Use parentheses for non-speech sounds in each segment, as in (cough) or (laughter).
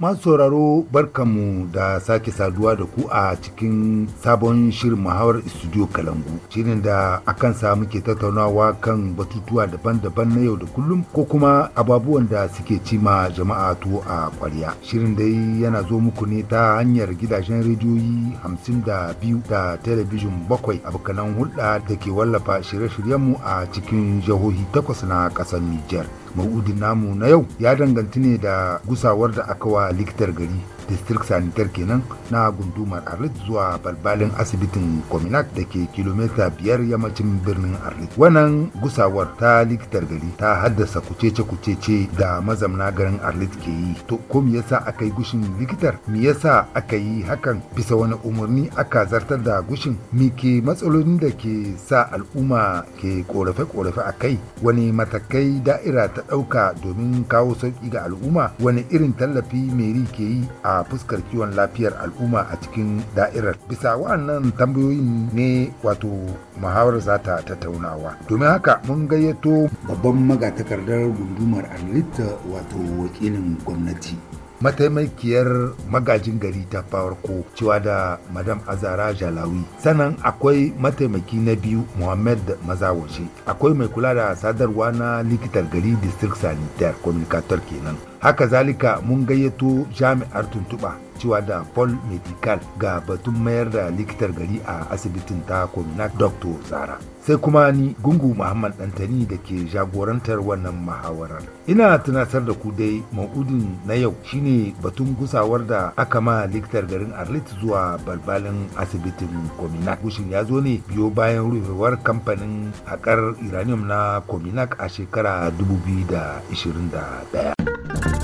Masu sauraro barkanmu da sake saduwa da ku a cikin sabon shirin muhawar studio Kalangu. Shirin da akan sa muke tattaunawa kan batutuwa daban-daban na yau da kullum ko kuma ababuwan da suke cima jama'a to a kwarya. Shirin dai yana zo muku ne ta hanyar gidajen rediyoyi hamsin da biyu da telebijin bakwai abokanan hulɗa da ke wallafa shirye-shiryenmu a cikin jihohi takwas na ƙasar Nijar. ma'udin namu na yau ya danganta ne da gusawar da aka wa likitar gari district sanitar kenan na gundumar arlit zuwa balbalin asibitin kominat da ke kilomita biyar yammacin birnin arlit wannan gusawar ta likitar gari ta haddasa kucece kucece da mazamna garin arlit ke yi to ko me yasa aka yi gushin likitar me yasa aka yi hakan bisa wani umarni aka zartar da gushin me ke matsalolin da ke sa al'umma ke korafe-korafe a kai wani matakai da'ira ta ɗauka domin kawo sauƙi ga al'umma wani irin tallafi meri ke yi a a fuskar kiwon lafiyar al'umma a cikin da'irar bisa wa'annan tambayoyin ne wato muhawar za ta tattaunawa domin haka mun gayyato babban magatakardar gundumar alitta wato wakilin gwamnati mataimakiyar magajin gari ta farko cewa da madam azara jalawi sannan akwai mataimaki na biyu muhammad waje. akwai mai kula da sadarwa na likitar gari district sanitaire communicator kenan haka zalika mun gayyato jami'ar tuntuba cewa da paul medical ga batun mayar da likitar gari a asibitin ta kominak dr zara sai kuma ni gungu muhammad dantani da ke jagorantar wannan mahawarar ina tunatar da ku dai ma'udin na yau shine batun gusawar da aka ma likitar garin arlit zuwa balbalin asibitin kominak gushin ya zo ne biyo bayan rufewar kamfanin haƙar uranium na kominak a shekara 2021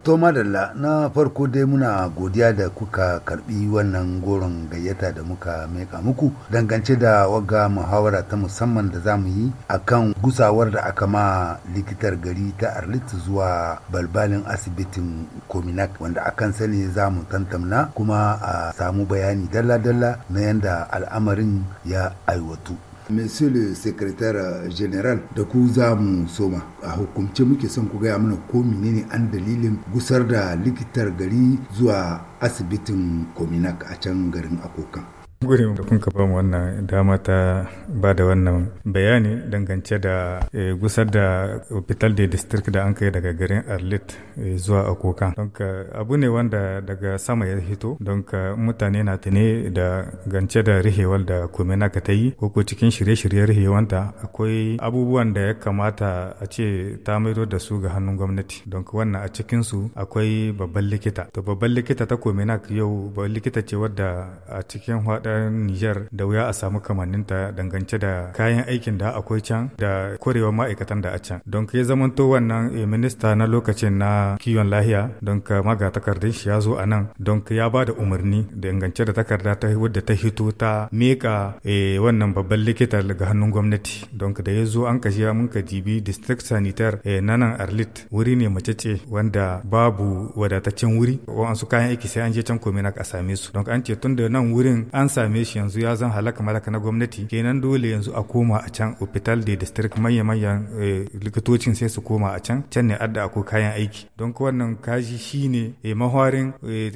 To madalla na farko dai muna godiya da kuka karbi wannan goron gayyata da muka meka muku dangance da waga muhawara ta musamman da za mu yi kan gusawar da aka ma likitar gari ta Arlit zuwa balbalin asibitin Kominak wanda akan sani za mu tantamna kuma a samu bayani dalla-dalla na yadda al'amarin ya aiwatu. Monsieur le secrétaire euh, général da ku za mu soma a hukumce muke son ku gaya mana ko menene an dalilin gusar da likitar gari zuwa asibitin Kominak a can garin Akokan. gudun da kun ba wannan dama ta ba da wannan bayani dangance da eh, gusar da hospital de district da an kai daga garin arlit eh, zuwa akoka don abu ne wanda daga sama ya hito don mutane na tane da gance da rihewar da kumena ka ta yi ko ko cikin shirye-shiryen rihewanta akwai abubuwan da ya kamata a ce ta maido da su ga hannun gwamnati don wannan a cikin akwai babban likita to babban likita ta kumena yau babban likita ce wadda a cikin ɗan Nijar da wuya a samu kamanninta dangance da kayan aikin da akwai can da kwarewar ma'aikatan da a can. Don ya to wannan eh, minista na lokacin na kiwon lahiya don ka maga takardun shi ya zo a nan don ya ba da umarni dangance da takarda ta wadda ta hito ta meka eh, wannan babban likita daga hannun gwamnati. Don da ya zo an kashe mun ka dibi district sanitar eh, na nan Arlit wuri ne mace ce wanda babu wadataccen wuri. Wa'ansu kayan aiki sai an je can na ka same su. Don an ce tun da nan wurin an sa same shi yanzu ya zan halaka malaka na gwamnati kenan dole yanzu a koma a can hospital de district manya-manyan eh, likitocin sai su koma a can can ne adda ko kayan aiki don wannan kaji shine eh, mahwarin eh,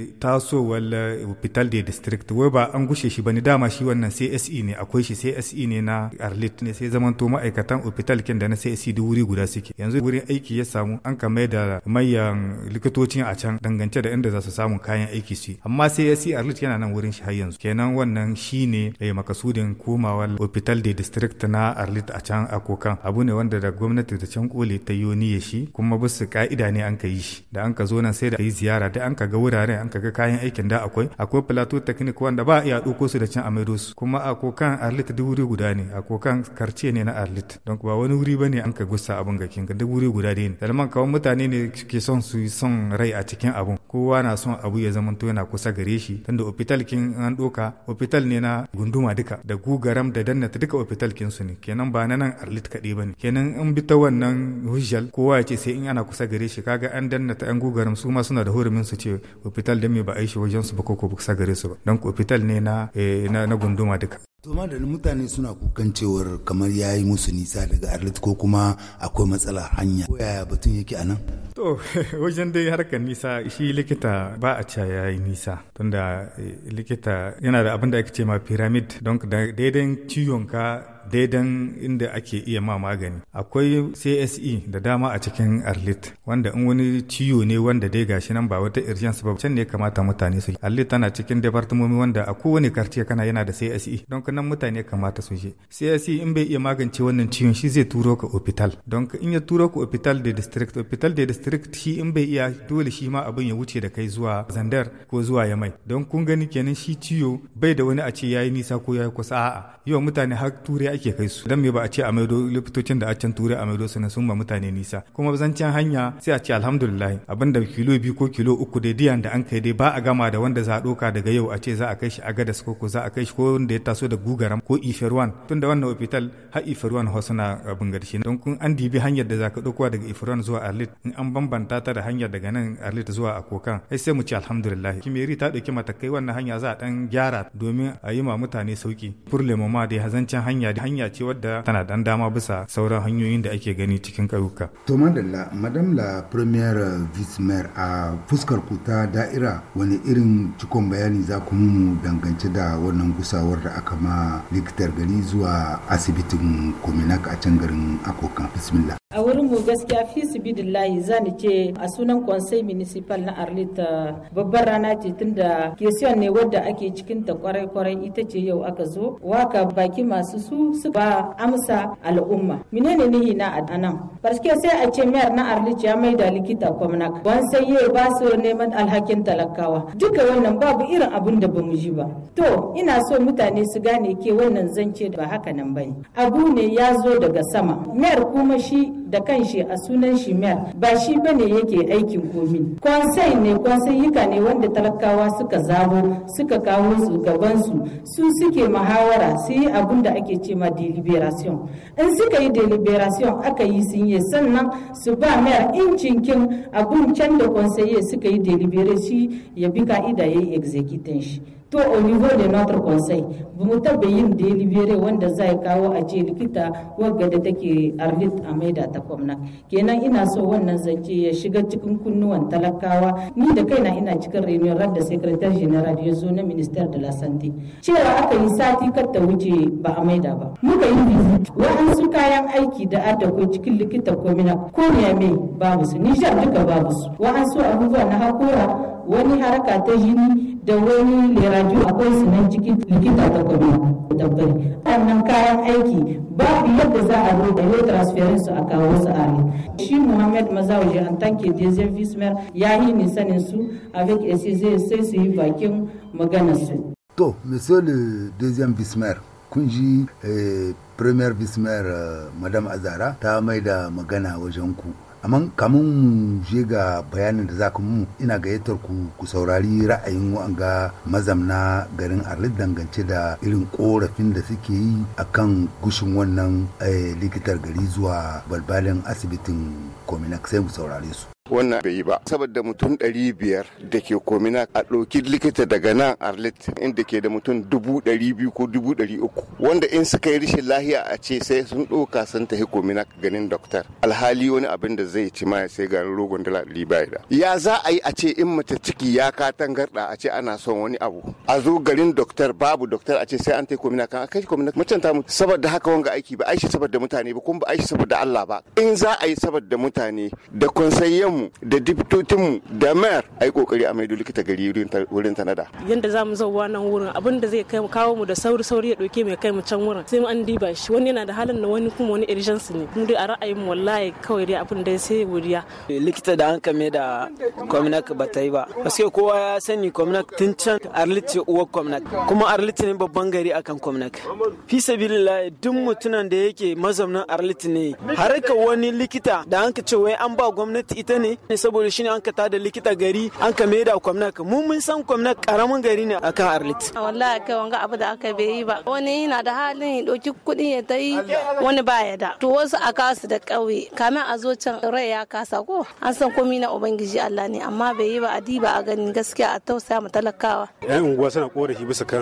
wala hospital de district wai ba an gushe shi bane dama shi wannan CSE ne akwai shi CSE ne na Arlit ne sai to ma'aikatan hospital kin da na CSE duk wuri guda suke yanzu wurin aiki ya samu an ka mai da manyan likitocin a can dangance da inda za su samu kayan aiki su amma CSE Arlit yana nan wurin shi har yanzu kenan wannan wannan shine eh, makasudin komawar hospital de district na arlit a can akokan abu ne wanda da gwamnati da can kole ta yi niyya shi kuma bisa ka'ida ne an ka yi shi da an ka zo nan sai da yi ziyara da an ka ga wuraren an ka ga kayan aikin da akwai akwai plateau technique wanda ba iya ɗauko su da can a maido su kuma akokan arlit duk wuri guda ne akokan karce ne na arlit don ba wani wuri ne an ka gusa abun ga kinga duk wuri guda ne dalman kawai mutane ne ke son su son rai a cikin abun kowa na son abu ya zamanto yana kusa gare shi tunda hospital kin an ɗoka opital ne na gunduma duka da gugaram da dannata duka opital kinsu ne kenan ba na nan arlit kaɗai ba ne kenan in bi ta wannan hujjal kowa ya ce sai in ana kusa gare shi kaga an dannata an gugaram su ma suna da hurumin su ce opital da me ba a yi wajen su ba ko ko kusa gare su ba dan opital ne eh, na na gunduma duka Toma da mutane suna kukan cewar kamar ya yi musu nisa daga arlit ko kuma akwai matsala hanya. Ko yaya batun yake anan? To, (laughs) wajen dai harkar nisa shi likita ba a ce ya yi nisa. Tunda eh, likita yana da abin da ake ce ma pyramid, don daidai ciwon ka daidan inda ake iya ma magani akwai CSE da dama a cikin Arlit wanda in wani ciwo ne wanda dai gashi nan ba wata urgence ba can ne kamata mutane su Arlit tana cikin departmomi wanda a kowane karciya kana yana da CSE don nan mutane kamata su je CSE in bai iya magance wannan ciwon shi zai turo ka hospital don in ya turo ka hospital da district hospital da district shi in bai iya dole shi ma abin ya wuce da kai zuwa Zandar ko zuwa Yamai don kun gani kenan shi ciwo bai da wani a ce yayi nisa ko yayi kusa a'a yau mutane har ture ake kai su dan me ba a ce a maido likitocin da a can turai a maido su sun ba mutane nisa kuma zancen hanya sai a ce alhamdulillah abinda kilo biyu ko kilo uku da diyan da an kai dai ba a gama da wanda za a doka daga yau a ce za a kai shi gada su ko za a kai shi ko wanda ya taso da gugaram ko ifirwan tun da wannan hospital har ifirwan hausa suna abin garshi don kun an dibi hanyar da za ka ɗaukowa daga ifirwan zuwa arlit in an bambanta ta da hanyar daga nan arlit zuwa akokan ai sai mu ce alhamdulillah kimeri ta mata matakai wannan hanya za a dan gyara domin a yi ma mutane sauki furle ma dai hazancen hanya hanya ce wadda tana dan dama bisa sauran hanyoyin da ake gani cikin ƙauyuka. To madalla madam la premier vice mayor a fuskar ku ta da'ira wani irin cikon bayani za ku mu dangance da wannan gusawar da aka ma likitar gari zuwa asibitin Kominak a can garin Akokan. Bismillah. a wurin mu gaskiya fi su bidillahi ni ce a sunan konsai municipal na arlita babbar rana ce tun da kesiyon ne wadda ake cikin ta kwarai kwarai ita ce yau aka zo waka baki masu su su ba amsa al'umma menene nihi na anan barske sai a ce mayar na arlita ya maida likita gwamnak wan sai ya ba su neman alhakin talakawa duka wannan babu irin abin da bamu ji ba to ina so mutane su gane ke wannan zance ba haka nan bane abu ne ya zo daga sama mayar kuma shi da kanshi a sunan shi mayor ba shi bane yake aikin komi konsai ne konsayika ne wanda talakawa suka zabo suka kawo su gaban su su suke mahawara su yi abin da ake ce ma deliberation in suka yi deliberation aka yi sun yi sannan su ba in cinkin abun can da konsaye suka yi deliberation ya bi ka'ida ya yi executing shi to au niveau de notre conseil bu mu tabbe yin delivery wanda zai kawo a ce likita wagga da take arlit a maida ta kwamna kenan ina so wannan zance ya shiga cikin kunnuwan talakawa ni da kaina ina cikin reunion rab da secretary general ya zo na minister de la santé cewa aka yi sati kar ta wuce ba a maida ba muka yi visit wa'ansu kayan aiki da adda ko cikin likita komina ko mai babu su nijar duka babu su wa'ansu abubuwa na hakora wani haraka ta jini da wani lerajo akwai su nan cikin likita ta kwado tabbari wannan kayan aiki babu yadda za a zo da yau transferin su a kawo su ali shi muhammad mazawaje an tanke dezem vismer ya yi nisanin su avec esse sai su yi bakin maganar su to monsieur le deuxième vice-maire kun ji eh, premier vismer eh, madame azara ta mai da magana wajen ku amma kamun je ga bayanin da za ku mu ina gayyatar ku ku saurari ra'ayin wa'anga mazamna garin arlit dangance da irin korafin da suke yi akan gushin wannan eh, likitar gari zuwa balbalin asibitin kominak sai mu saurare su wannan bai yi ba saboda mutum ɗari biyar da ke komina a ɗauki likita daga nan arlet inda ke da mutum dubu ɗari biyu ko dubu ɗari uku wanda in suka yi rishin lahiya a ce sai sun ɗauka sun tafi komina ganin doktor alhali wani abin da zai ci ma sai garin rogon dala ɗari bai da ya za a yi a ce in mace ciki ya ka garɗa a ce ana son wani abu a zo garin doktor babu doktor a ce sai an tafi komina kan a kai komina macen ta mutu saboda haka wanga aiki ba aishi saboda mutane ba kuma ba aishi saboda Allah ba in za a yi saboda mutane da sai mu da mu da mayar a yi kokari a maido likita gari wurin tanada yadda za mu zauwa nan wurin abin da zai kai mu kawo mu da sauri sauri ya ɗauke mai kai mu can wurin sai mu an diba shi wani yana da halin na wani kuma wani urgency ne mu dai a ra'ayin mu wallahi kawai dai abin da sai wuriya likita da an kame da kwamnak ba ta yi ba paske kowa ya sani kwamnak tun can arlice uwar kwamnak kuma arlice ne babban gari akan kwamnak fi sabilillah duk mutunan da yake mazaunin arlice ne har ka wani likita da an ce wai an ba gwamnati ita ne saboda shine an ka tada likita gari an ka mai da kwamna ka mun mun san kwamna karamin gari ne akan arlit wallahi kai wanga abu da aka bai yi ba wani yana da halin ya ɗauki kuɗi ya ta yi wani baya da to wasu a kasu da ƙauye kamin a zo can rai ya kasa ko an san komi na ubangiji Allah ne amma bai yi ba a diba a ganin gaskiya a tausaya mu talakawa yan unguwa suna korafi bisa kan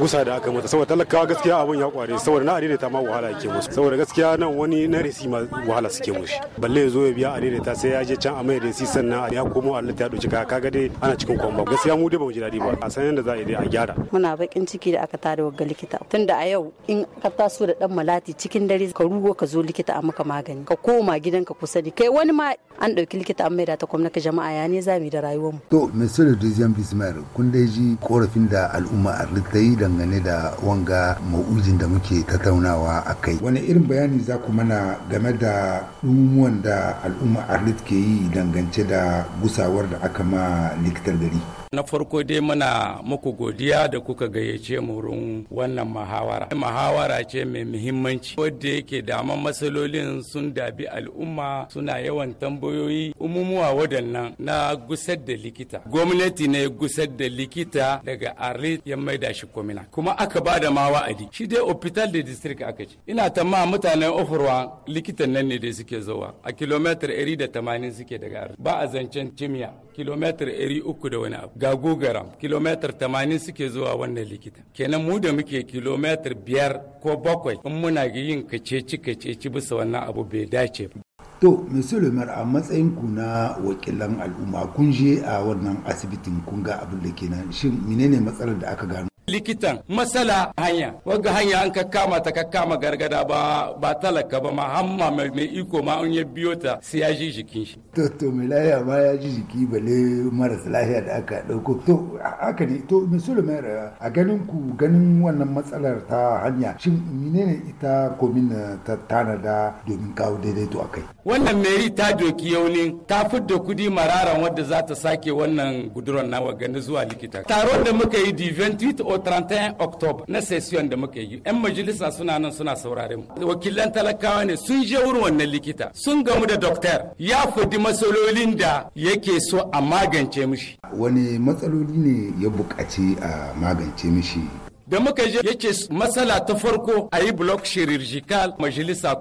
gusa da aka mata saboda talakawa gaskiya abun ya kware saboda na adaidaita ma wahala yake musu saboda gaskiya nan wani na resi ma wahala suke mushi balle ya zo ya biya adaidaita sai ya je can a mai da shi sannan ya komo Allah ta dauki ka kaga dai ana cikin kwamba gaskiya mu dai ba mu ji daɗi ba a san yadda za a yi a gyara muna bakin ciki da aka tare wagga likita tunda a yau in ka taso da dan malati cikin dare ka rugo ka zo likita a maka magani ka koma gidanka kusa da kai wani ma an ɗauki likita a mai da ta ka jama'a ya ne za mu da rayuwar mu to monsieur le deuxième bismar kun dai ji korafin da al'umma arlita yi dangane da wanga ma'ujin da muke tattaunawa a kai wani irin bayani za ku mana game da ɗumuwan da al'umma arlit ke yi dangance da gusawar da aka ma likitar gari Na farko dai muna muku godiya da kuka gayyace mu wurin wannan muhawara. mahawara ce mai muhimmanci wadda yake dama matsalolin sun dabi al'umma suna yawan tambayoyi umumuwa waɗannan na gusar da likita. Gwamnati ne gusar da likita daga arli ya maida shi komina. Kuma aka ba da ma wa'adi. Shi dai hospital da district aka ce. Ina tamma mutanen ofurwa likitan nan ne da suke zowa a kilomitar 180 suke daga Ba a zancen cimiya kilomitar 300 da wani abu. ga gugaram kilometer 80 suke zuwa wannan likita kenan mu da muke kilometer biyar ko bakwai in muna yin kaceci kaceci bisa wannan abu bai dace ba to monsieur le a matsayin ku na wakilan al'umma kun je a wannan asibitin kun ga abin da kenan shin menene matsalar da aka gano likitan masala hanya wagga hanya an kakkama ta kakkama gargada ba ba talaka ba ma hamma mai iko ma an ya biyo ta sai ya ji jikin shi to to mai ma ya ji jiki bale maras lafiya da aka dauko to aka ne to musulmi a ganin ku ganin wannan matsalar ta hanya shin menene ita komin ta tanada domin kawo daidaito akai wannan meri ta doki yauni ta fidda kudi mararan wadda za ta sake wannan guduran na wagani zuwa likita taron da muka yi di 28 31 Oktoba na session da muka yi yan majalisa suna nan suna saurare mu wakilan talakawa ne sun je wurin wannan likita sun gamu da doktor ya fadi matsalolin da yake so a magance mishi wani matsaloli ne ya buƙaci a magance mishi da muka je yace matsala ta farko a yi blok shirijikal majalisa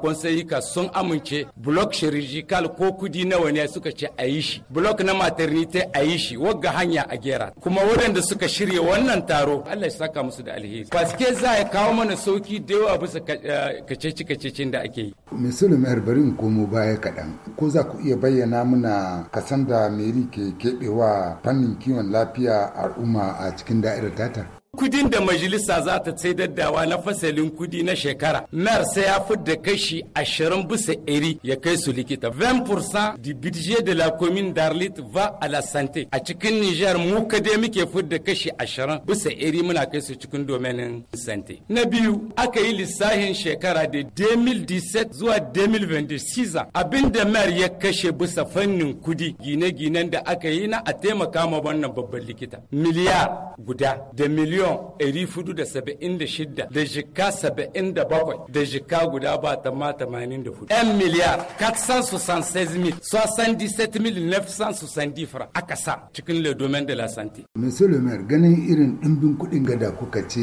ka sun amince blok shirijikal ko kudi nawa ne suka ce a yi shi block na maternite a yi shi wagga hanya a gera kuma waɗanda suka shirya wannan taro Allah ya saka musu da alheri paske za ya kawo mana sauki da yawa bisa eh, kaceci kacecin da ake yi misali mayar bari in komo baya kaɗan ko za ku iya bayyana muna kasan da meri ke keɓewa fannin kiwon lafiya al'umma a cikin da'irar tatar kudin da majalisa za ta tsaidaddawa na fasalin kudi na shekara mayar sai ya da kashi ashirin bisa iri ya kai su likita 20% du budget de la commune d'arlit va à la santé a cikin niger mu kade muke fidda kashi ashirin bisa iri muna kai su cikin domenin santé na biyu aka yi lissahin shekara da 2017 zuwa 2026 da mayar ya kashe bisa fannin kudi gine-ginen da aka yi na a taimaka ma wannan babban likita miliyar guda da miliyan miliyon 476 da jika 77 da jika guda ba ta ma hudu. 'yan miliyar 476,077,970 fara a sa cikin le domaine de la santé. Monsieur le maire ganin irin ɗimbin kuɗin gada kuka ce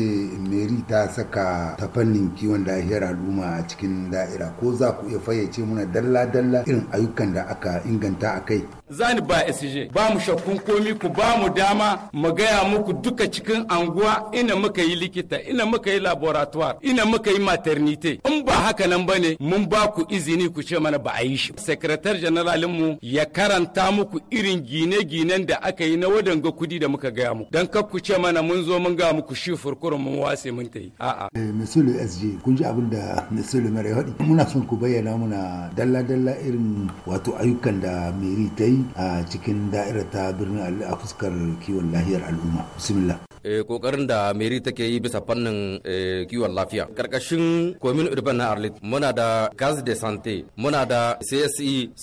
meri ta saka ta fannin kiwon lahiyar al'umma a cikin da'ira ko za ku iya fayyace muna dalla-dalla irin ayyukan da aka inganta a kai. zani ba SJ ba mu shakkun komi ku ba mu dama mu gaya muku duka cikin anguwa ina muka yi likita ina muka yi laboratoire ina muka yi maternité in ba haka nan bane mun ba ku izini ku ce mana ba a yi shi secrétaire général mu ya karanta muku irin gine-ginen da aka yi na wadanga kudi da muka gaya muku dan kar ku ce mana mun zo mun ga muku shi furkurun mun wase mun ta yi a eh, monsieur le SJ kun ji abin da monsieur le maire ya faɗi muna son ku bayyana muna dalla-dalla irin wato ayyukan da meri ta yi a cikin da'irar ta birnin a fuskar kiwon lafiyar al'umma bismillah eh, kokarin da meri take yi bisa fannin eh, kiwon lafiya karkashin komin urban na arlit muna da gaz de santé muna da cse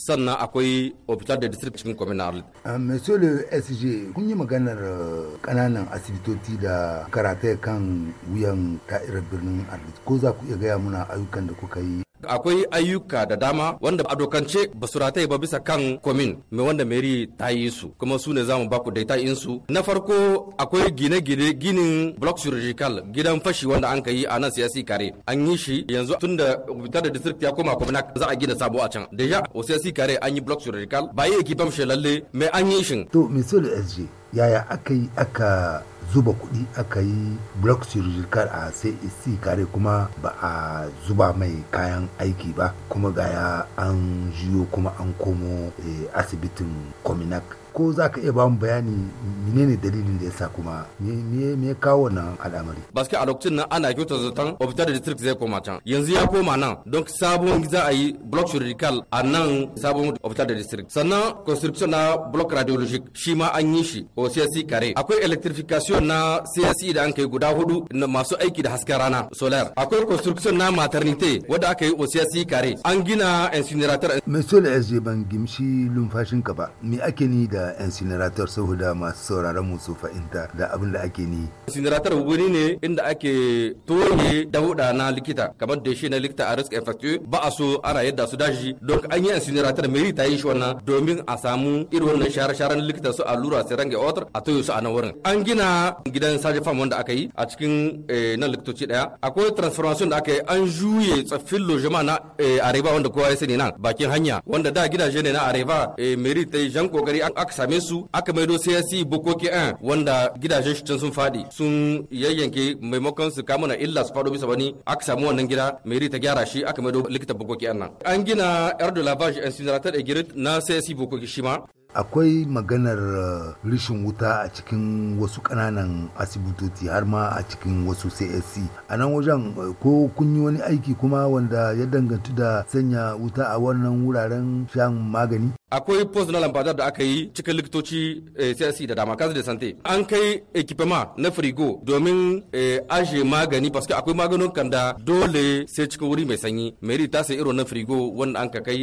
sannan akwai hospital de district cikin komin na arlit monsieur le sg kun yi maganar kananan eh, asibitoci da karatai kan wuyan ta'irar birnin arlit ko za ku iya gaya muna ayyukan da kuka yi akwai ayyuka da dama wanda a dokance ba su rataye ba bisa kan komin mai wanda meri ta yi su kuma su ne zamu baku daita in su na farko akwai gine-gine ginin block surgical gidan fashi wanda an ka yi a nan siyasi kare an yi shi yanzu tun da ta da district ya koma kwamnak za a gina sabo a can ya o siyasi kare an yi block surgical ba yi ekipam shi lalle mai an yi shi. to misali sg yaya aka yi aka zuba kuɗi aka yi block surgical a CAC kare kuma ba a zuba mai kayan aiki ba kuma gaya an jiyo kuma an komo eh, asibitin kominak. ko za ka iya bamu bayani ne dalilin da ya sa kuma me kawo wannan al'amari baske a lokacin nan ana kyauta zaton hospital district zai koma can yanzu ya koma nan don sabon za a yi block surgical a nan sabon hospital district sannan construction na block radiologic shi ma an yi shi o CSC kare akwai electrification na CSC da an kai guda hudu masu aiki da hasken rana solar akwai construction na maternity wadda aka yi o CSC kare an gina incinerator monsieur le SG ban gimshi lumfashin ka ba me ake ni da da incinerator saboda masu sauraron mu su fahimta da abin da ake ni. Incinerator wuri ne inda ake toye dauda na likita kamar da shi na likita a risk infectious ba a so ana yadda su dashi don an yi incinerator mai ta yi shi wannan domin a samu irin wannan share-sharen likita su allura sai range otar a toyo su a nan wurin. An gina gidan Saji Farm wanda aka yi a cikin eh, na likitoci daya akwai transformation da aka yi an juye tsaffin lojima na eh, Areba wanda kowa ya sani nan bakin hanya wanda da gidaje ne na Areba eh, meri ta yi jan kokari aka same su aka maido CSC Bokoki 1 wanda gidajen shi can sun fadi sun yayyanke maimakon su kamuna illa su fado bisa wani aka samu wannan gida mai ta gyara shi aka maido likita Bokoki 1 nan. An gina Erdo Lavage Incinerator Egirit na CSC Bokoki shi ma akwai maganar uh, rishin wuta a cikin wasu kananan asibitoci har ma a cikin wasu csc a nan wajen uh, ko kun yi wani aiki kuma wanda ya danganci da sanya wuta a wannan wuraren shan magani akwai post na lambadar da aka yi cikin likitoci CSC eh, da dama kasu da sante an kai ekipema na frigo domin eh, aje magani paske akwai maganin da dole sai cikin wuri mai sanyi meri ta sai irin na frigo wanda an ka kai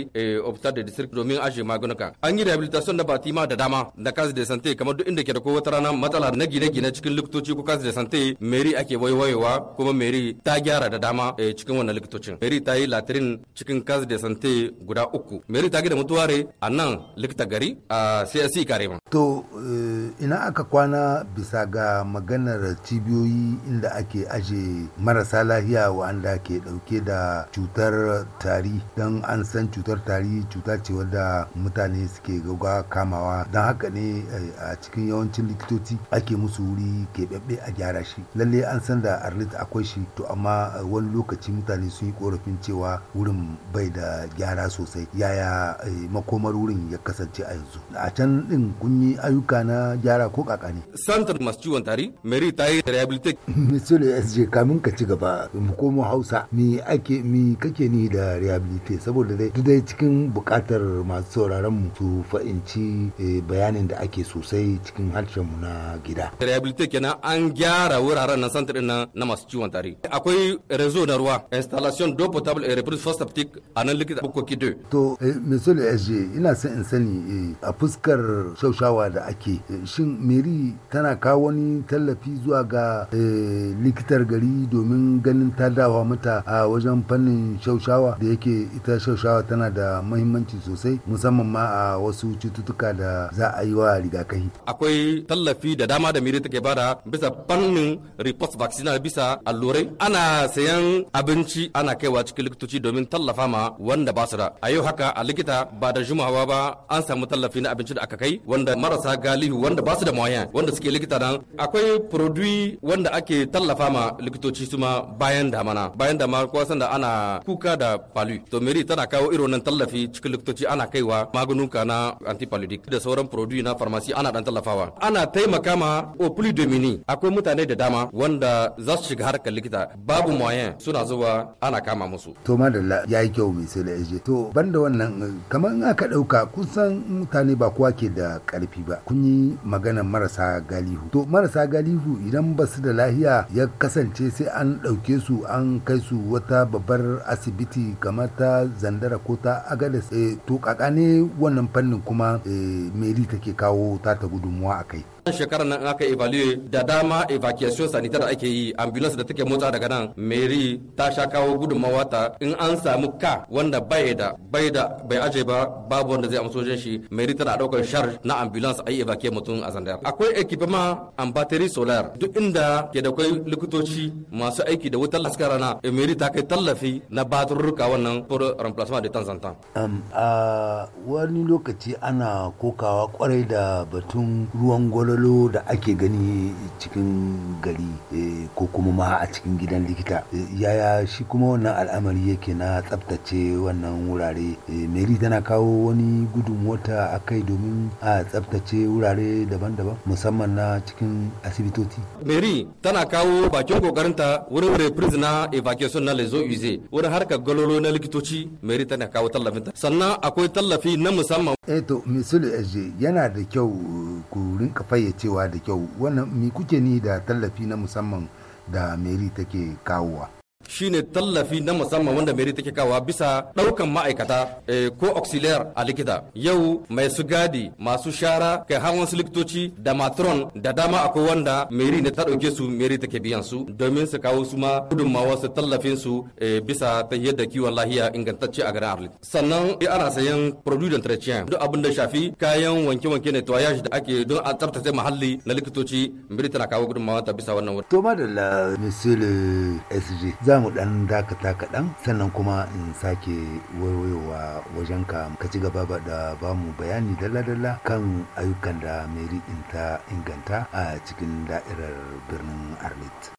hospital eh, da district domin aje kan an yi rehabilitation na batima da dama da kasu da sante kamar duk inda ke da wata rana matsala na gine-gine cikin likitoci ko kasu da sante meri ake waiwayewa kuma meri ta gyara da dama cikin wannan likitocin meri ta yi latrin cikin kasu da sante guda uku meri ta gida mutuware a nan likita gari a CSC ma. To eh, ina aka kwana bisa ga maganar cibiyoyi inda ake aje marasa lahiya wa'anda ke dauke da cutar tari don an san cutar tari cuta ce wadda mutane suke gauga kamawa don haka ne eh, a cikin yawancin likitoci ake musu wuri keɓaɓɓe a gyara shi lalle an san da arlit akwai shi to amma eh, wani lokaci mutane sun yi korafin cewa wurin bai da gyara sosai yaya makomar wurin ya kasance a yanzu a can din kun yi ayyuka na gyara ko ne santar masu ciwon tari mary ta yi rehabilitate (laughs) monsieur le sg kamin ka ci gaba mu komo hausa mi ake mi kake ni da rehabilitate saboda dai dai cikin bukatar masu sauraron mu su fahimci eh, bayanin da ake sosai cikin harshen mu na gida rehabilitate kenan an gyara wuraren na santar din na masu ciwon tari akwai rezo na ruwa installation d'eau potable et reprise first optic a nan likita bukoki 2 to eh, monsieur le sg ina son in sani eh, a fuskar shaushawa da ake shin meri tana kawo wani tallafi zuwa ga eh, likitar gari domin ganin ta dawa mata a wajen fannin shaushawa da yake ita shaushawa tana da mahimmanci sosai musamman ma a wasu cututtuka da za a yi wa rigakafi akwai tallafi da dama da meri take bada bisa fannin report vaccinal bisa allurai ana sayan abinci ana kaiwa cikin likitoci domin tallafa ma wanda ba su da a yau haka a likita ba da jumawa ba an samu tallafi na abinci da aka kai wanda marasa galihu wanda ba su da mawaya wanda suke likita nan akwai produi wanda ake tallafa ma likitoci su ma bayan damana bayan damana ko san da ana kuka da palu to meri tana kawo irin nan tallafi cikin likitoci ana kaiwa maganuka na antipaludic da sauran produi na farmasi ana dan tallafawa ana taimaka ma opuli domini akwai mutane da dama wanda za su shiga harkar likita babu mawaya suna zuwa ana kama musu to madalla yayi kyau mai sai da to banda wannan kamar in aka ɗauka haka kun san mutane ba kowa ke da karfi ba kun yi magana marasa galihu to marasa galihu idan ba su da lahiya ya kasance sai an ɗauke su an kai su wata babbar asibiti kamar ta zandara ko ta agadas e, eh, to kaka ne wannan fannin kuma e, eh, meri take kawo ta ta gudunmuwa a kai shekarar nan aka evaluate da dama evacuation sanitar da ake yi ambulance da take motsa daga nan mary ta sha kawo gudunmawa ta in an samu ka wanda bai da bai da bai aje ba babu wanda zai amso shi mary tana daukar shar na ambulance ayi evacuate mutum a zandar akwai equipment an battery solar duk inda ke da kai likitoci masu aiki da wutar laskar rana eh, mary ta kai tallafi na baturruka wannan for remplacement de temps en temps a wani lokaci ana kokawa kwarai da batun ruwan gwalo matsalolo da ake gani cikin gari eh, ko kuma ma a cikin gidan likita eh, yaya shi kuma wannan al'amari yake na tsabtace wannan wurare eh, meri tana kawo wani gudun wata a kai domin a tsabtace wurare daban-daban musamman na cikin asibitoci meri tana kawo bakin kokarinta wurin prison na evacuation na lezo uze wurin harkar galolo na likitoci meri tana kawo tallafin ta. sannan akwai tallafi na musamman eto misali yana da kyau ku rinka fayyace cewa da kyau wannan mi kuke ni da tallafi na musamman da mary take kawowa shine tallafi na musamman wanda mai take kawa bisa daukan ma'aikata eh, ko auxiliar a likita yau mai su gadi masu shara kai hawan likitoci da matron da dama akwai wanda meri ne ta dauke su meri take biyan su domin su kawo su ma gudunmawa su tallafin su eh, bisa ta yadda kiwon lahiya ingantacce a garin Arlit sannan eh, ana sayan produit d'entretien duk abin da shafi kayan wanke-wanke ne toyage da ake don a tsaftace muhalli na likitoci meri tana kawo gudunmawa ta bisa wannan wurin. to madalla monsieur le sg za mu ɗan dakata kaɗan sannan kuma in sake wayoyowa wajen ka ka ci gaba da ba mu bayani dalla-dalla kan ayyukan da Mary ɗin ta inganta a cikin da'irar birnin arlit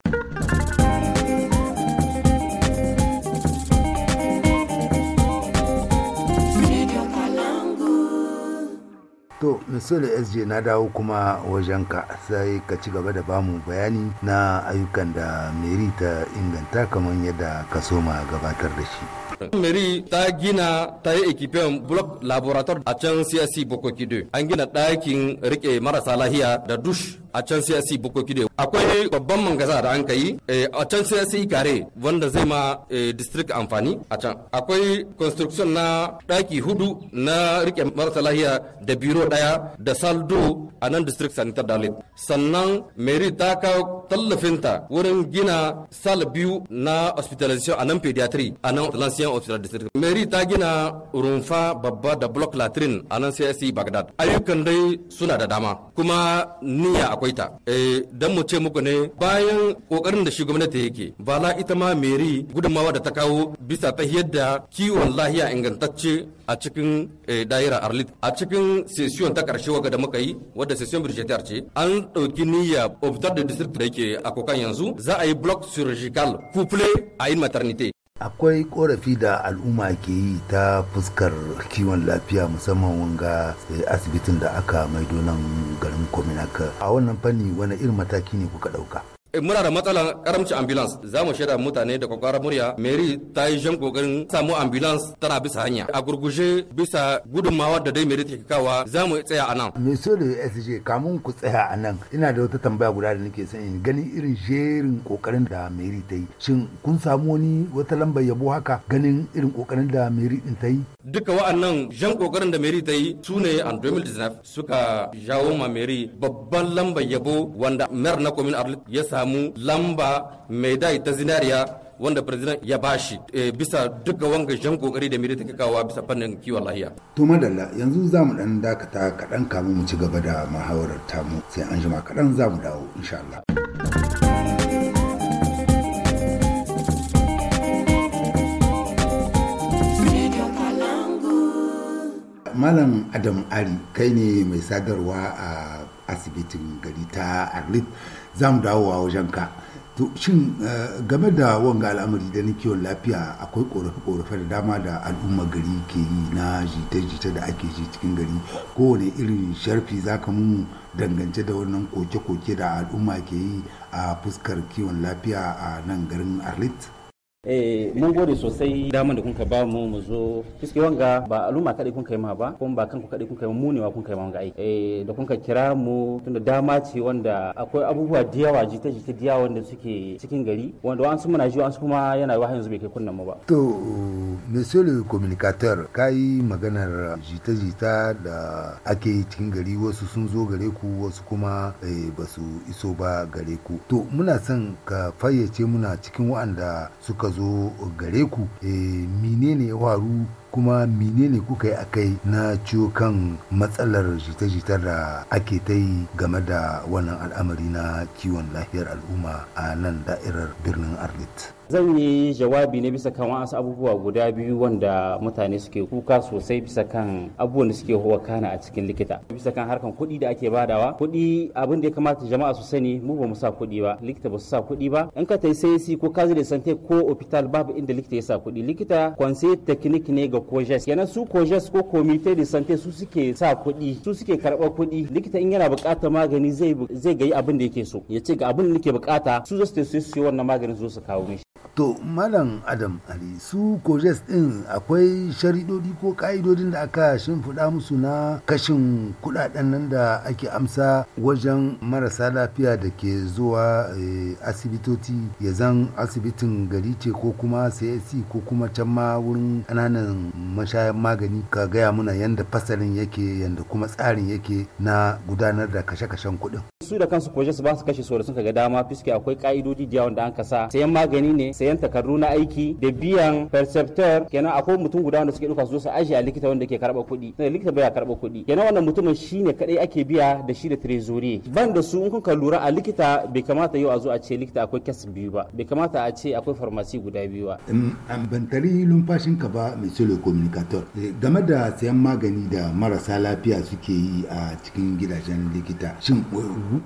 Sole SJ na dawo kuma wajenka sai ka ci gaba da bamu bayani na ayyukan da Meri ta inganta kamar yadda ka soma gabatar da shi. meri ta gina ta yi ekipen block laborator a can csc bokoki an gina ɗakin rike marasa lahiya da dush a can siyasi bukoki da akwai babban mangaza da an kai eh, a can siyasi kare wanda zai ma eh, district amfani a can akwai construction na daki hudu na rike marasa lahiya da biro daya da saldo a nan district sanitar dalit sannan mary ta kawo tallafinta wurin gina sal biyu na hospitalization a nan pediatry a nan lansing hospital district mary ta gina rumfa babba da block latrine a nan CSC bagdad ayyukan dai suna da dama kuma niyya akwai akwai ta eh dan mu ce muku ne bayan kokarin da shi gwamnati yake bala ita ma meri gudunmawa da ta kawo bisa ta yadda kiwon lahiya ingantacce a cikin eh, daira arlit a cikin sesiyon ta karshe waga da muka yi wadda sesiyon birjetiyar ce an ɗauki niyya of da district da yake a kokan yanzu za a yi block surgical couple a yin maternity akwai korafi da al'umma ke yi ta fuskar kiwon lafiya musamman wanga eh, asibitin da aka maido nan garin kominaka a wannan fanni wani irin mataki ne kuka ɗauka Eh, muna da matsalar karamci ambulance za mu shaida mutane da kwakwara murya mary ta yi jan kokarin samu ambulance tana bisa hanya a gurguje bisa gudunmawar da dai mary take kawa za mu tsaya a nan me so da sj kamun ku tsaya a nan ina da wata tambaya guda da nake son ganin gani irin jerin kokarin da mary ta yi shin kun samu wani wata lambar yabo haka ganin irin kokarin da mary din ta yi duka wa'annan jan kokarin da mary ta yi su ne a 2019 suka jawo ma mary babban lambar yabo wanda mayor na komin arlit ya samu lamba mai dai ta zinariya wanda president ya bashi e, bisa duka wanga jan kokari da ta kakawa bisa fannin kiwon lahiya. To madalla yanzu za mu dan dakata kaɗan kamun mu ci gaba da muhawarar tamu sai an jima kaɗan za mu dawo insha Allah. Malam Adam Ari kai ne mai sadarwa a asibitin gari ta Arlit. za mu dawo wajen ka to shin eh, game da wanga al'amari da na kiwon lafiya akwai korafe-korafe da dama da al'umma gari ke yi na jita-jita da ake ji cikin gari kowane irin sharfi za ka mu dangance da wannan koke-koke da al'umma ke yi a fuskar kiwon lafiya a nan garin arlit Eh mun gode sosai damar da kunka ba mu mu zo fiske wanga ba al'umma kadai kun kai ma ba kuma ba kanku kadai kun kai mu ne wa kun kai ma wanga aiki eh da kunka kira mu tunda dama ce wanda akwai abubuwa da yawa jita jita da yawa wanda suke cikin gari wanda an su muna ji an su kuma yana wa yanzu bai kai kunnan mu ba to monsieur le communicateur kai maganar jita jita da ake cikin gari wasu sun zo gare ku wasu kuma eh, ba su iso ba gare ku to muna son ka fayyace muna cikin waɗanda suka zo gare ku eh, menene ya faru kuma menene kuka yi a kai na ciwo kan matsalar jita-jitar da ake ta yi game da wannan al'amari na kiwon lafiyar al'umma a nan da'irar birnin arlit zan yi jawabi ne bisa kan wasu abubuwa guda biyu wanda mutane suke kuka sosai bisa kan abubuwan da suke huwa kana a cikin likita bisa kan harkan kuɗi da ake badawa kuɗi abin da ya kamata jama'a su sani mu ba mu sa kuɗi ba likita ba su sa kuɗi ba in ka tai sai ko kazi da sante ko hospital babu inda likita ya sa kuɗi likita conseil technique ne ga cojes yana su cojes ko comité de santé su suke sa kuɗi su suke karɓar kuɗi likita in yana buƙatar magani zai zai ga abin da yake so ya ce ga abin da nake buƙata su zasu su yi wannan maganin su su kawo mishi To Malam Adam Ali su Kojes ɗin akwai shari'dodi ko ka'idodin da aka shimfiɗa musu na kashin kuɗaɗen nan da ake amsa wajen marasa lafiya da ke zuwa e, asibitoci ya zan asibitin gari ce ko kuma CSC ko kuma can ma wurin ƙananan mashayan magani ka gaya muna yadda fasalin yake yadda kuma tsarin yake na gudanar da kashe-kashen kuɗin. Su da kansu Kojes ba su kashe so da suka ga dama fiske akwai ƙa'idodi da yawan da an kasa sayan magani ne sayan takardu na aiki da biyan perceptor kenan akwai mutum guda wanda suke duka su su ajiye a likita wanda ke karɓa kuɗi sai eh, likita baya karɓa kuɗi kenan wannan mutumin shine kadai ake biya da shi da trezori ban da su in kuka lura a likita bai kamata yau a zo a ce likita akwai kes biyu ba bai kamata a ce akwai farmasi guda biyu ba an bantari lumfashin ka ba mai solo communicator eh, game da sayan magani da marasa lafiya suke yi a cikin gidajen likita shin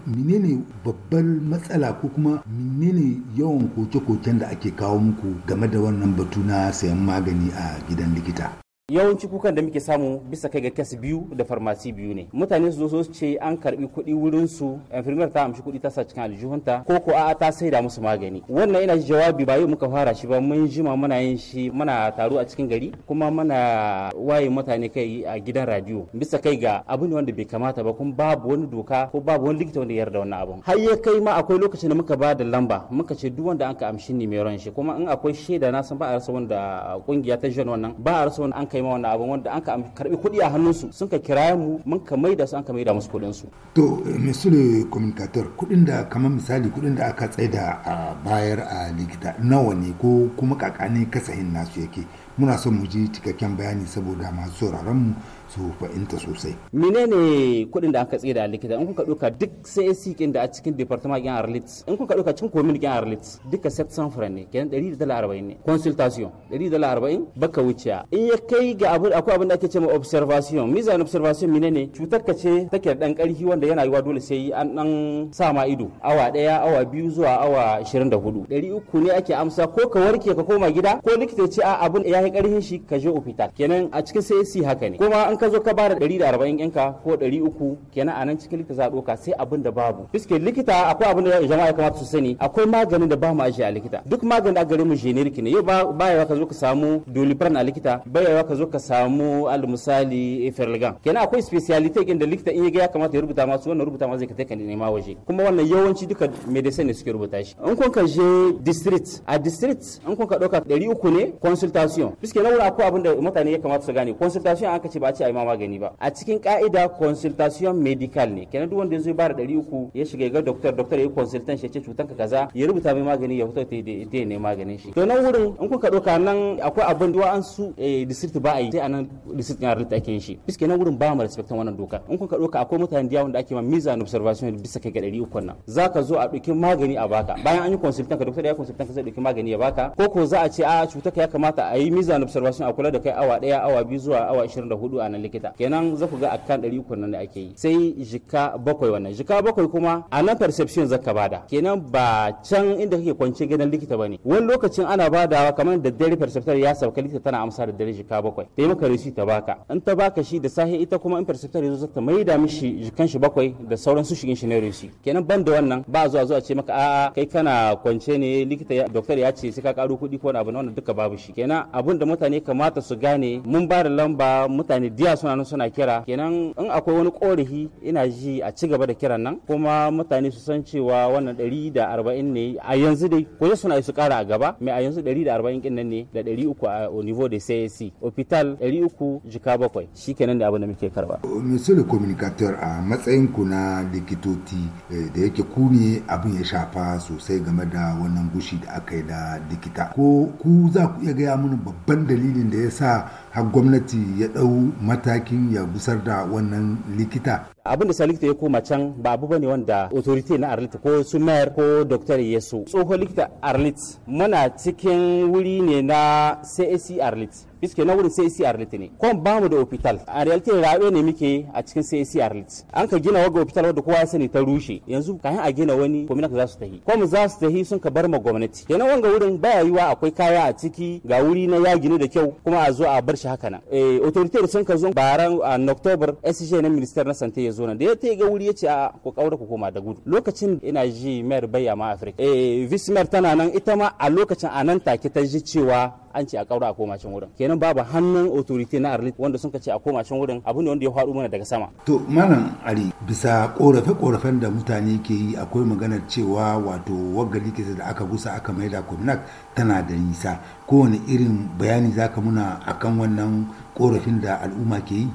menene babbar matsala ko kuma menene yawan koke-koken da ake kawo muku game da wannan batu na sayan magani a gidan likita yawanci kukan da muke samu bisa kai ga kes biyu da farmasi biyu ne mutane su zo su ce an karbi kuɗi wurin su infirmiyar ta amshi kuɗi ta sa cikin aljihunta ko ko a'a ta saida musu magani wannan ina jawabi ba yau muka fara shi ba mun jima muna yin shi muna taro a cikin gari kuma muna waye mutane kai a gidan radio bisa kai ga abu ne wanda bai kamata ba kuma babu wani doka ko babu wani likita wanda ya yarda wannan abun har ya kai ma akwai lokacin da muka ba da lamba muka ce duk wanda an ka amshi ne mai ran shi kuma in akwai shaida na san ba a rasa wanda kungiya ta jiran wannan ba a rasa wanda an kai kai ma abin wanda an ka karbi kuɗi a hannunsu sun ka kira mu mun ka maida su an ka maida musu kuɗin su. to misali communicator kuɗin da kamar misali kuɗin da aka tsaida a bayar a likita nawa ne ko kuma kakani kasahin nasu yake muna son mu ji cikakken bayani saboda masu sauraron mu su fa'inta sosai. menene kuɗin da aka da likita in kuka ɗauka duk sai sikin da a cikin department gyan arlit in kuka ɗauka cikin komin gyan arlit duka 700 franc ne kenan 140 ne consultation 140 baka wuce in ya kai ga abu akwai abin da ake ma observation mizan observation menene cutar ka ce take da dan karfi wanda yana yiwa dole sai an dan sa ma ido awa daya awa biyu zuwa awa da hudu. Dari uku ne ake amsa ko ka warke ka koma gida ko likita ce a abin ya yi karfin shi ka je hospital kenan a cikin sai haka ne kuma an ka zo ka bada 140 ɗinka ko 300 kenan a nan cikin likita za a ɗauka sai abin da babu fiske likita akwai abin da jama'a ya kamata su sani akwai maganin da ba mu ajiye a likita duk maganin da gare mu generic ne yau ba yawa ka zo ka samu dolipran a likita ba yawa ka zo ka samu al misali ferligan kenan akwai speciality ɗin da likita in ya ga ya kamata ya rubuta masu wannan rubuta ma zai ka take nema waje kuma wannan yawanci duka medicine ne suke rubuta shi in kun ka je district a district in kun ka ɗauka 300 ne consultation fiske na wuri akwai abin da mutane ya kamata su gane consultation an ka ce ba a ce yi ma magani ba a cikin ka'ida consultation medical ne kenan duk wanda zai bada ɗari uku ya shiga ga doctor doctor ya consultant shi ya ce cutan ka kaza ya rubuta mai magani ya fito ta ne maganin shi to nan wurin in kuka doka nan akwai abin da an su eh, district ba a yi sai anan district ya rubuta kin shi biske nan wurin ba mu respect wannan doka in kuka doka akwai mutane da yawan da ake ma mizan observation bisa kai ga ɗari uku nan za ka zo a ɗauki magani a baka bayan an yi consultant ka doctor ya consultant ka zai ɗauki magani ya baka ko ko za a ce a cutar ka ya kamata a yi mizan observation a kula da kai awa ɗaya awa biyu zuwa awa 24 a nan likita kenan za ku ga akan ɗari uku nan da ake yi sai jika bakwai wannan jika bakwai kuma a nan perception za ka bada kenan ba can inda kake kwance gidan likita ba ne wani lokacin ana badawa kamar da dare perceptor ya sauka likita tana amsa da dare jika bakwai ta yi maka resi ta baka in ta baka shi da sahi ita kuma in perceptor ya zo ta maida mishi jikan shi bakwai da sauran su shigin shi na resi kenan ban da wannan ba zuwa zuwa ce maka a'a kai kana kwance ne likita ya doktor ya ce sai ka karo kuɗi ko wani abu na wannan duka babu shi kenan abun da mutane kamata su gane mun ba da lamba mutane diya da suna nan suna kira kenan in akwai wani korafi ina ji a ci gaba da kiran nan kuma mutane su san cewa wannan arba'in ne a yanzu dai ko suna su kara a gaba mai a yanzu arba'in kin nan ne da uku a niveau de CAC hospital uku jika bakwai shi kenan da abin da muke karba monsieur le communicateur a matsayin ku na likitoci eh, da yake ku ne abin ya shafa sosai game da wannan gushi da aka yi da likita ko ku za ku iya gaya mana babban dalilin da ya sa har gwamnati ya ɗau matakin ya gusar da wannan likita abin da likita ya koma can ba abu bane wanda authority na arlit ko su mayar ko doktor ya so tsohon likita arlit muna cikin wuri ne na csc arlit biske na wurin csc arlit ne kon ba mu da hospital a reality rabe ne muke a cikin csc arlit an ka gina waga hospital wadda kowa ya sani ta rushe yanzu kayan a gina wani kominak za su tahi kom za su tahi sun ka bar ma gwamnati kenan wanga wurin baya yiwa akwai kaya a ciki ga wuri na ya da kyau kuma a zo a bar shi haka nan eh authority sun ka zo baran a october sj na minister na ya zo nan da ya ta ga wuri ya ce a ku kaura ku koma da gudu lokacin ina ji mayar bayya ma afirka eh vismer tana nan ita ma a lokacin a nan take ta ji cewa an ce a kaura a koma can wurin kenan babu hannun authority na arlit wanda sun ce a koma can wurin abu ne wanda ya faɗo mana daga sama to malam ali bisa korafe korafen da mutane ke yi akwai maganar cewa wato wagali ke da aka gusa aka maida kominak tana da nisa kowane irin bayani zaka muna akan wannan korafin da al'umma ke yi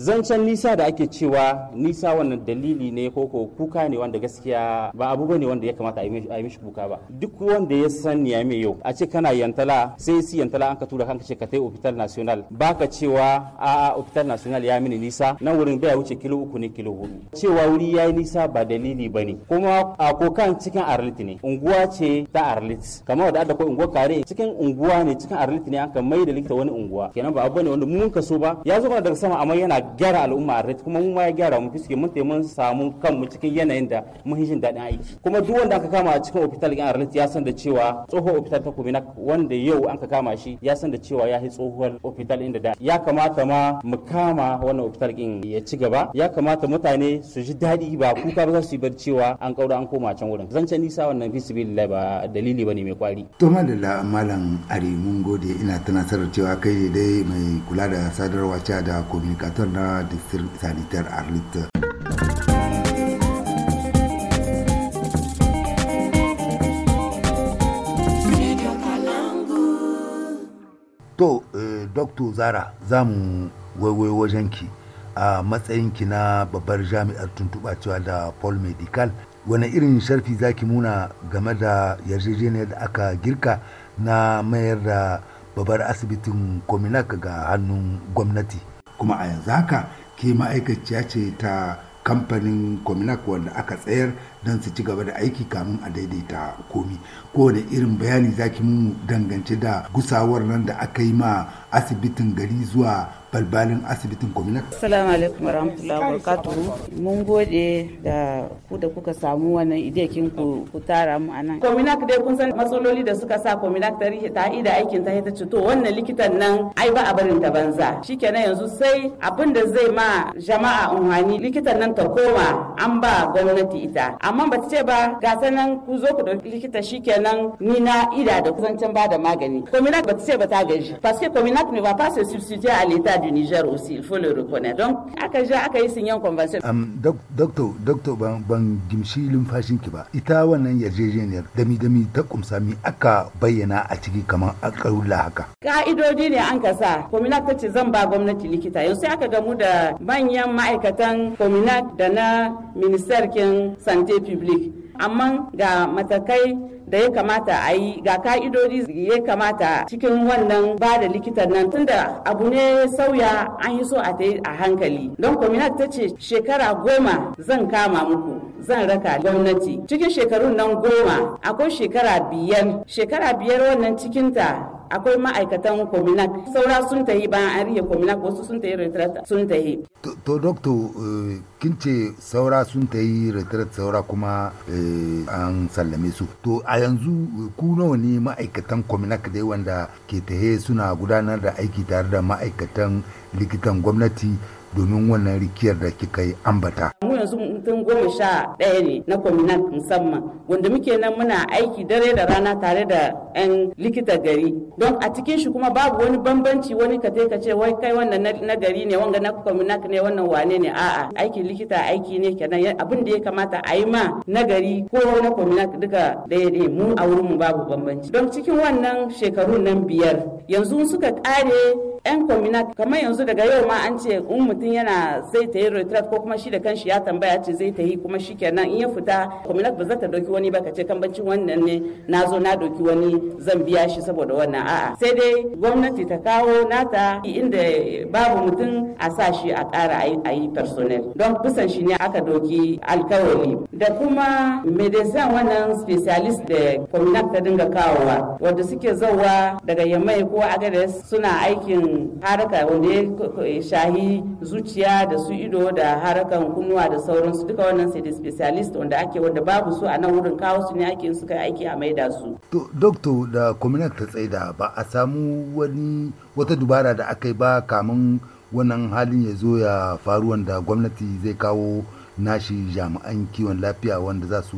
zancen nisa da ake cewa nisa wannan dalili ne ko ko kuka ne wanda gaskiya ba abu ne wanda ya kamata a yi mishi kuka ba duk wanda ya san ni mai yau a ce kana yantala sai si yantala an ka tura kanka ce ka tai hospital national baka cewa a a hospital national ya mini nisa nan wurin bai wuce kilo uku ne kilo hudu cewa wuri ya yi nisa ba dalili ne kuma a kokan cikin arlit ne unguwa ce ta arlit kamar da akwai unguwa kare cikin unguwa ne cikin arlit ne an ka mai da likita wani unguwa kenan ba abu ne wanda mun ka so ba ya zo daga sama amma yana gyara al'umma a kuma mu ma ya gyara mu fiske mun mun samu kanmu cikin yanayin da mun jin daɗin aiki kuma duk wanda aka kama a cikin ofital ɗin arlit ya san da cewa tsohon ofital ta kubinak wanda yau an ka kama shi ya san da cewa ya yi tsohuwar ofital ɗin da da ya kamata ma mu kama wannan ofital ɗin ya ci gaba ya kamata mutane su ji daɗi ba kuka ba za su yi bar cewa an kaura an koma can wurin can nisa wannan fisibilillah ba dalili ba ne mai kwari. to madalla malam ari mun gode ina tunatar cewa kai ne dai mai kula da sadarwa da communicator na district sanitaire arlite to eh, dr zara za mu waiwai wajenki a matsayinki na babbar jami'ar tuntuɓa cewa da paul medical wani irin sharfi zaki muna game da yarjejeniyar da aka girka na mayar da babbar asibitin kominak ga hannun gwamnati kuma a yanzu haka ke ma'aikaciya ce ta kamfanin cominac wanda aka tsayar don su ci gaba da aiki kamun a daidaita komi kowane irin bayani zaki mu dangance da gusawar nan da aka yi ma asibitin gari zuwa balbalin asibitin kominak. Assalamu alaikum wa rahmatullahi wa wabarakatuh. Mun gode da ku da kuka samu wannan idekin ku ku tara mu anan. Kominak dai kun san matsaloli da suka sa kominak ta rike ta ida aikin ta ta cito wannan likitan nan ai ba a barin ta banza. Shikenan yanzu sai abin da zai ma jama'a unhani likitan nan ta koma an ba gwamnati ita. Amma ba ta ce ba ga sanan ku zo ku dauki likita shikenan ni na ida da kusancin ba da magani. Kominak ba ta ce ba ta gaji. Parce que kominak ne ba pas se substituer à l'état du Niger aussi, il faut le reconnaître. Donc, aka ja aka yi sinyan convention. Um, doctor, ban, ban gimshi lumfashin ki ba. Ita wannan yarjejeniyar dami-dami ta kumsa mi aka bayyana a ciki kamar akarula haka. Ka'idodi ne an kasa. Kominat ta ce zan ba gwamnati likita. Yau sai aka gamu da manyan ma'aikatan Kominat da na ministerkin santé publique. amma ga matakai da ya kamata a yi ga ka'idodi ya kamata cikin wannan ba da likitan nan tunda abu ne sauya an yi so a ta a hankali don kwaminat ta ce shekara goma zan kama muku zan raka gwamnati cikin shekarun nan goma akwai shekara biyar shekara biyar wannan cikinta akwai ma'aikatan kominak saura sun ta yi bayan an rike kominak wasu sun ta yi retret sun ta yi. to doctor eh, kin ce saura sun ta yi retret saura kuma eh, an sallame su to a yanzu ku nawa ne ma'aikatan kominak dai wanda ke tahe suna gudanar da aiki tare da ma'aikatan likitan gwamnati domin wannan rikiyar da kika yi ambata. Mu yanzu mutum goma sha ɗaya ne na kwaminan musamman wanda muke nan muna aiki dare da rana tare da 'yan likita gari don a cikin shi kuma babu wani bambanci wani ka ka ce wai kai wannan na gari ne wanga na kwaminan ne wannan wane ne a'a aikin likita aiki ne kenan abin da ya kamata a yi ma na gari ko na kwaminan duka daidai mu a wurin mu babu bambanci don cikin wannan shekarun nan biyar yanzu suka kare 'yan Kominat kamar yanzu daga yau ma an ce in mutum yana zai ta yi retrat ko kuma shi da kanshi ya tambaya ce zai ta yi kuma shi kenan in ya fita Kominat ba za ta doki wani ba ka ce kambancin wannan ne na zo na doki wani zan biya shi saboda wannan a'a sai dai gwamnati ta kawo nata inda babu mutum a sa shi a ƙara a yi personnel don kusan shi ne aka doki alkawari da kuma medesan wannan specialist da kominat ta dinga kawowa wanda suke zauwa daga yamai ko agades suna aikin kan haraka wanda ya shahi zuciya da su ido da harakan kunnuwa da sauransu duka wannan sai da specialist wanda ake wanda babu su a nan wurin kawo su ne ake suka aiki a maida su. Doktor da kwaminar ta tsaida ba a samu wani wata dubara da aka yi ba kamun wannan halin ya zo ya faruwan da gwamnati zai kawo nashi jami'an kiwon lafiya wanda za su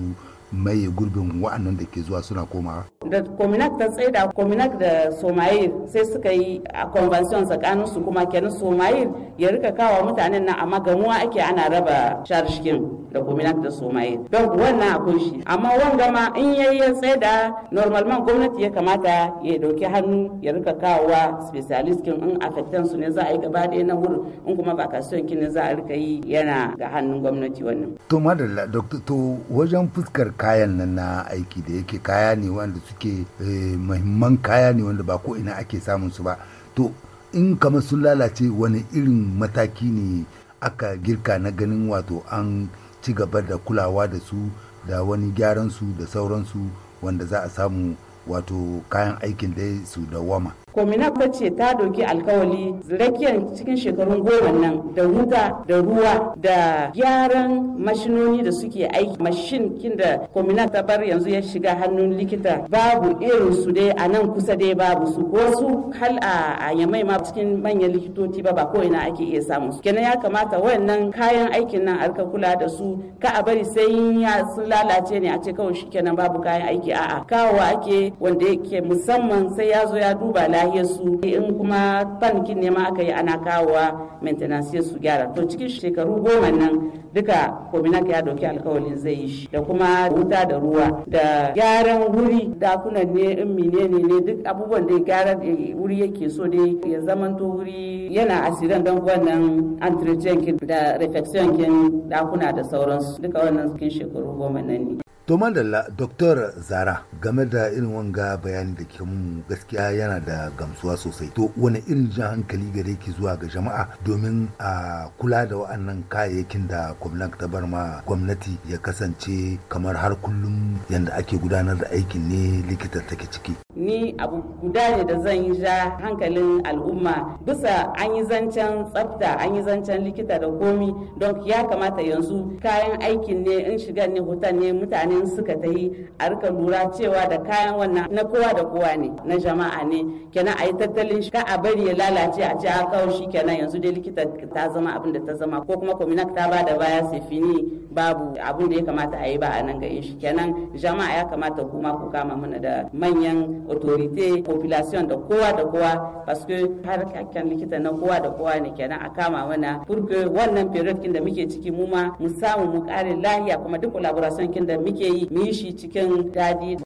maye gurbin wa'annan da ke zuwa suna komawa. Da Kominak ta da Kominak da Somayil sai suka yi a konvansiyon tsakanin su kuma kenan Somayil ya rika kawo mutanen nan amma gamuwa ake ana raba sharshikin da kuminat da somaye don wannan akwai shi amma wanga ma in yayi ya normal normalman gwamnati ya kamata ya dauki hannu ya rika kawowa specialist kin in affectan su ne za a yi gaba da na wurin in kuma ba kasuwan kin ne za a rika yi yana ga hannun gwamnati wannan to madalla doctor to wajen fuskar kayan nan na aiki da yake kaya ne wanda suke eh, muhimman kaya ne wanda ba ko ina ake samun su ba to in kamar sun lalace wani irin mataki ne aka girka na ganin wato an ci gaba da kulawa da su da wani gyaran su da sauransu wanda za a samu wato kayan aikin dai su dawama komina ce ta doki alkawali rakiyar cikin shekarun goma nan da wuta da ruwa da gyaran mashinoni da suke aiki mashin kin da komina ta bar yanzu ya shiga hannun likita babu irin su dai a nan kusa dai babu su ko su hal a yamai ma cikin manyan likitoci ba ba ko ina ake iya samu su kenan ya kamata wayannan kayan aikin nan alka kula da su ka a bari sai ya sun lalace ne a ce kawai shikenan babu kayan aiki a'a kawo ake wanda yake musamman sai ya zo ya duba lahiyar su in kuma tankin ne ma aka yi ana kawowa maintenance su gyara to cikin shekaru goma nan duka kominak ya dauki alkawalin zai yi shi da kuma wuta da ruwa da gyaran wuri dakunan ne in menene ne duk abubuwan da gyaran eh, wuri yake so dai ya zamanto wuri yana asirin don wannan entretien da refection kin dakuna da sauransu duka wannan cikin shekaru goma nan ne To madalla Dr. Zara game da irin wanga bayani da ke mun gaskiya yana da gamsuwa sosai. To wani irin jan hankali gare ki zuwa ga jama'a domin a kula da wa'annan kayayyakin da gwamnati ta bar ma gwamnati ya kasance kamar har kullum yadda ake gudanar da aikin ne likita take ciki. Ni abu guda ne da zan yi ja hankalin al'umma bisa an yi zancen tsafta an yi zancen likita da komi don ya kamata yanzu kayan aikin ne in shigar ne hutan ne mutane mutane suka ta yi a rika lura cewa da kayan wannan na kowa da kowa ne na jama'a ne kenan a yi tattalin ka a bari ya lalace a ce a kawo shi kenan yanzu dai likita ta zama abin da ta zama ko kuma kominak ta ba da baya sai fini babu abin da ya kamata a yi ba a nan ga shi kenan jama'a ya kamata kuma ku kama mana da manyan autorite population da kowa da kowa paske harkakken likita na kowa da kowa ne kenan a kama mana furke wannan period kin da muke ciki mu ma mu samu mu kare lahiya kuma duk collaboration kin da muke muke yi mu shi cikin dadi.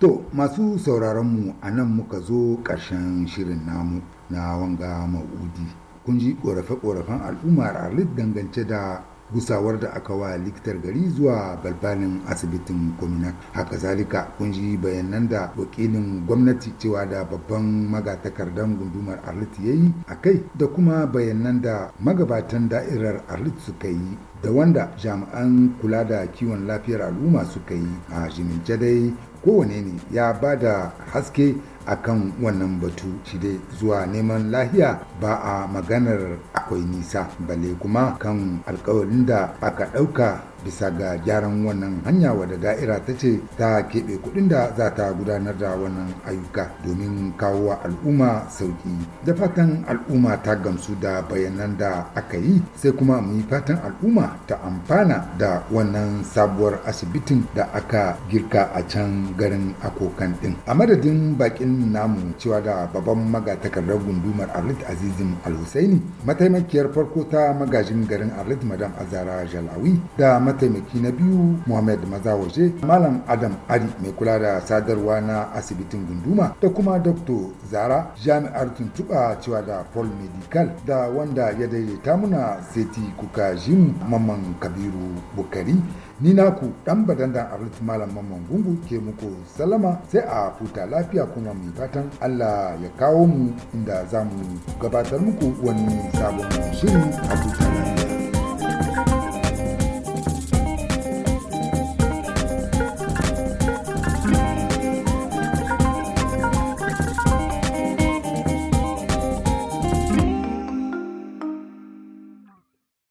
To masu sauraron mu a nan muka zo ƙarshen shirin namu na wanga ma'udi. Kun ji ƙorafe-ƙorafen al'ummar a dangance da gusawar da aka wa likitar gari zuwa balbalin asibitin kominak haka zalika kun ji bayanan da wakilin gwamnati cewa da babban magatakardan gundumar arlit ya yi a kai da kuma bayanan da magabatan da'irar arlit suka yi da wanda jami'an kula da kiwon lafiyar al'umma suka yi a jimince dai kowane ne ya ba da haske akan wannan batu shi dai zuwa neman lahiya ba a maganar akwai nisa bale kuma kan alkawarin da aka ɗauka bisa ga gyaran wannan hanya wadda da'ira ta ce ta keɓe kuɗin da za ta gudanar da wannan ayyuka domin kawo wa al'umma sauƙi da fatan al'umma ta gamsu da bayanan da aka yi sai kuma mu yi fatan al'umma ta amfana da wannan sabuwar asibitin da aka girka a can garin akokan ɗin a madadin bakin namu cewa da babban magatakardar gundumar arlit azizin alhusaini mataimakiyar farko ta magajin garin arlit madam azara jalawi da mataimaki na biyu Muhammad Maza waje Malam Adam Ari mai kula da sadarwa na asibitin gunduma da kuma Dr. Zara jami'ar tuntuɓa cewa da Paul Medical da wanda ya daidaita muna Seti Kuka Jim Mamman Kabiru Bukari ni naku dan badandan abin malam mamman gungu ke muku salama sai a futa lafiya kuma mai fatan allah ya kawo mu inda za mu gabatar muku wani sabon shiri a tutar lafiya